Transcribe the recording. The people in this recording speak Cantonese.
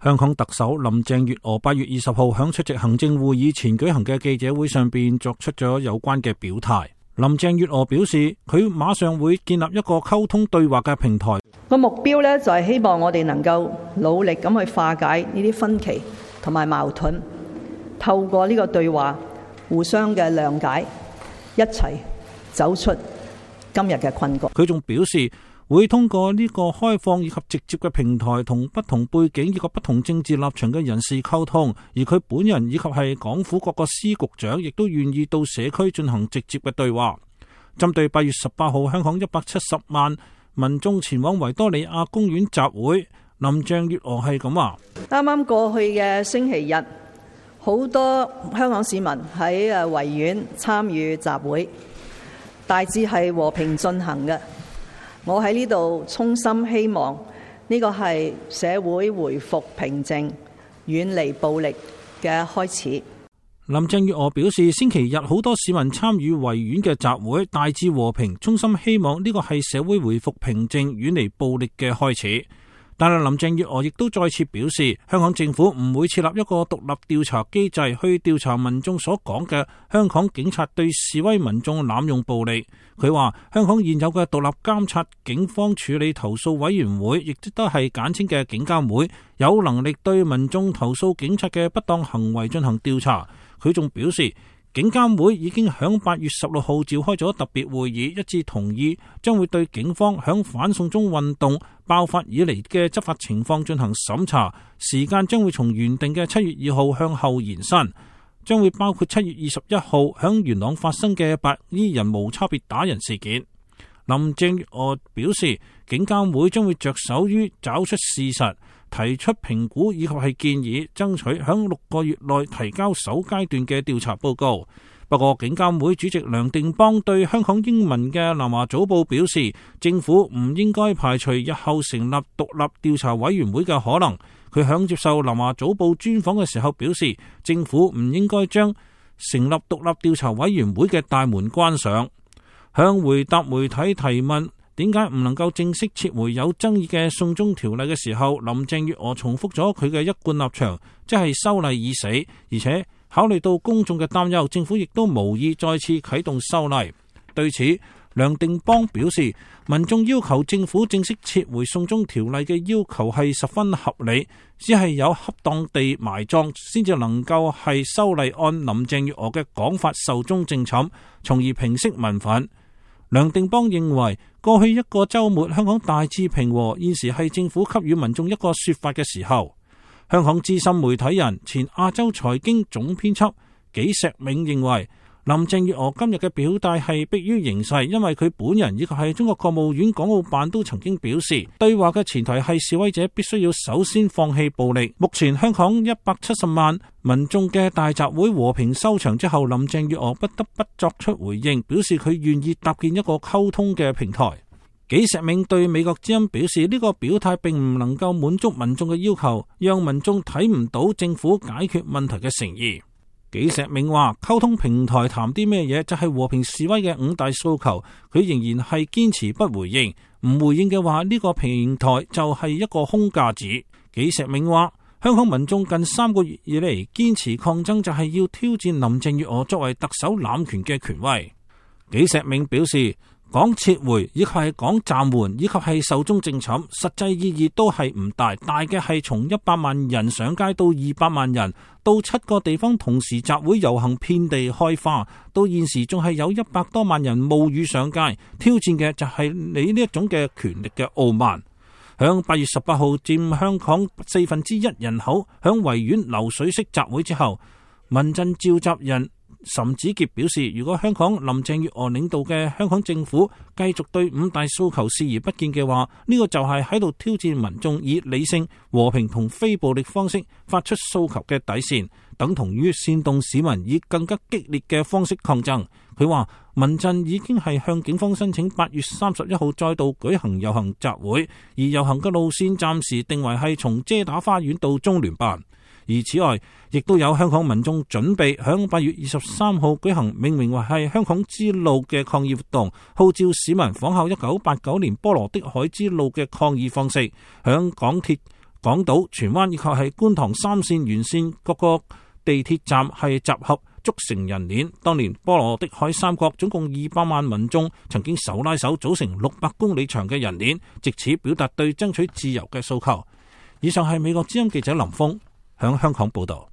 香港特首林鄭月娥八月二十號響出席行政會議前舉行嘅記者會上邊作出咗有關嘅表態。林鄭月娥表示，佢馬上會建立一個溝通對話嘅平台。個目標咧就係希望我哋能夠努力咁去化解呢啲分歧同埋矛盾，透過呢個對話，互相嘅諒解，一齊走出今日嘅困局。佢仲表示，會通過呢個開放以及直接嘅平台，同不同背景以及不同政治立場嘅人士溝通。而佢本人以及係港府各個司局長，亦都願意到社區進行直接嘅對話。針對八月十八號香港一百七十萬民眾前往維多利亞公園集會，林鄭月娥係咁話：啱啱過去嘅星期日，好多香港市民喺誒維園參與集會，大致係和平進行嘅。我喺呢度衷心希望呢個係社會回復平靜、遠離暴力嘅開始。林鄭月娥表示，星期日好多市民參與維園嘅集會，大致和平，衷心希望呢個係社會回復平靜、遠離暴力嘅開始。但係林鄭月娥亦都再次表示，香港政府唔會設立一個獨立調查機制去調查民眾所講嘅香港警察對示威民眾濫用暴力。佢話香港現有嘅獨立監察警方處理投訴委員會，亦都係簡稱嘅警監會，有能力對民眾投訴警察嘅不當行為進行調查。佢仲表示。警監會已經響八月十六號召開咗特別會議，一致同意將會對警方響反送中運動爆發以嚟嘅執法情況進行審查，時間將會從原定嘅七月二號向後延伸，將會包括七月二十一號響元朗發生嘅白衣人無差別打人事件。林鄭月娥表示，警監會將會着手於找出事實，提出評估以及係建議，爭取響六個月內提交首階段嘅調查報告。不過，警監會主席梁定邦對香港英文嘅南華早報表示，政府唔應該排除日後成立獨立調查委員會嘅可能。佢響接受南華早報專訪嘅時候表示，政府唔應該將成立獨立調查委員會嘅大門關上。向回答媒體提問，點解唔能夠正式撤回有爭議嘅送中條例嘅時候，林鄭月娥重複咗佢嘅一貫立場，即係修例已死，而且考慮到公眾嘅擔憂，政府亦都無意再次啟動修例。對此，梁定邦表示，民眾要求政府正式撤回送中條例嘅要求係十分合理，只係有恰當地埋葬，先至能夠係修例按林鄭月娥嘅講法壽終正寢，從而平息民憤。梁定邦認為，過去一個周末香港大致平和，現時係政府給予民眾一個說法嘅時候。香港資深媒體人、前亞洲財經總編輯紀石明認為。林鄭月娥今日嘅表態係迫於形勢，因為佢本人以及係中國國務院港澳辦都曾經表示，對話嘅前提係示威者必須要首先放棄暴力。目前香港一百七十萬民眾嘅大集會和平收場之後，林鄭月娥不得不作出回應，表示佢願意搭建一個溝通嘅平台。紀石銘對美國之音表示，呢、這個表態並唔能夠滿足民眾嘅要求，讓民眾睇唔到政府解決問題嘅誠意。紀石明話：溝通平台談啲咩嘢，就係和平示威嘅五大訴求。佢仍然係堅持不回應，唔回應嘅話，呢個平台就係一個空架子。紀石明話：香港民眾近三個月以嚟堅持抗爭，就係要挑戰林鄭月娥作為特首攬權嘅權威。紀石明表示。講撤回，以及係講暫緩，以及係壽終正寢，實際意義都係唔大。大嘅係從一百萬人上街到二百萬人，到七個地方同時集會遊行，遍地開花，到現時仲係有一百多萬人冒雨上街。挑戰嘅就係你呢一種嘅權力嘅傲慢。喺八月十八號佔香港四分之一人口，喺維園流水式集會之後，民陣召集人。岑子傑表示，如果香港林鄭月娥領導嘅香港政府繼續對五大訴求視而不見嘅話，呢個就係喺度挑戰民眾以理性、和平同非暴力方式發出訴求嘅底線，等同於煽動市民以更加激烈嘅方式抗爭。佢話，民陣已經係向警方申請八月三十一號再度舉行遊行集會，而遊行嘅路線暫時定為係從遮打花園到中聯辦。而此外，亦都有香港民眾準備響八月二十三號舉行，命名為係香港之路嘅抗議活動，號召市民仿效一九八九年波羅的海之路嘅抗議方式，響港鐵港島荃灣以及係觀塘三綫沿綫各個地鐵站係集合，組成人鏈。當年波羅的海三國總共二百萬民眾曾經手拉手組成六百公里長嘅人鏈，借此表達對爭取自由嘅訴求。以上係美國之音記者林峰，喺香港報道。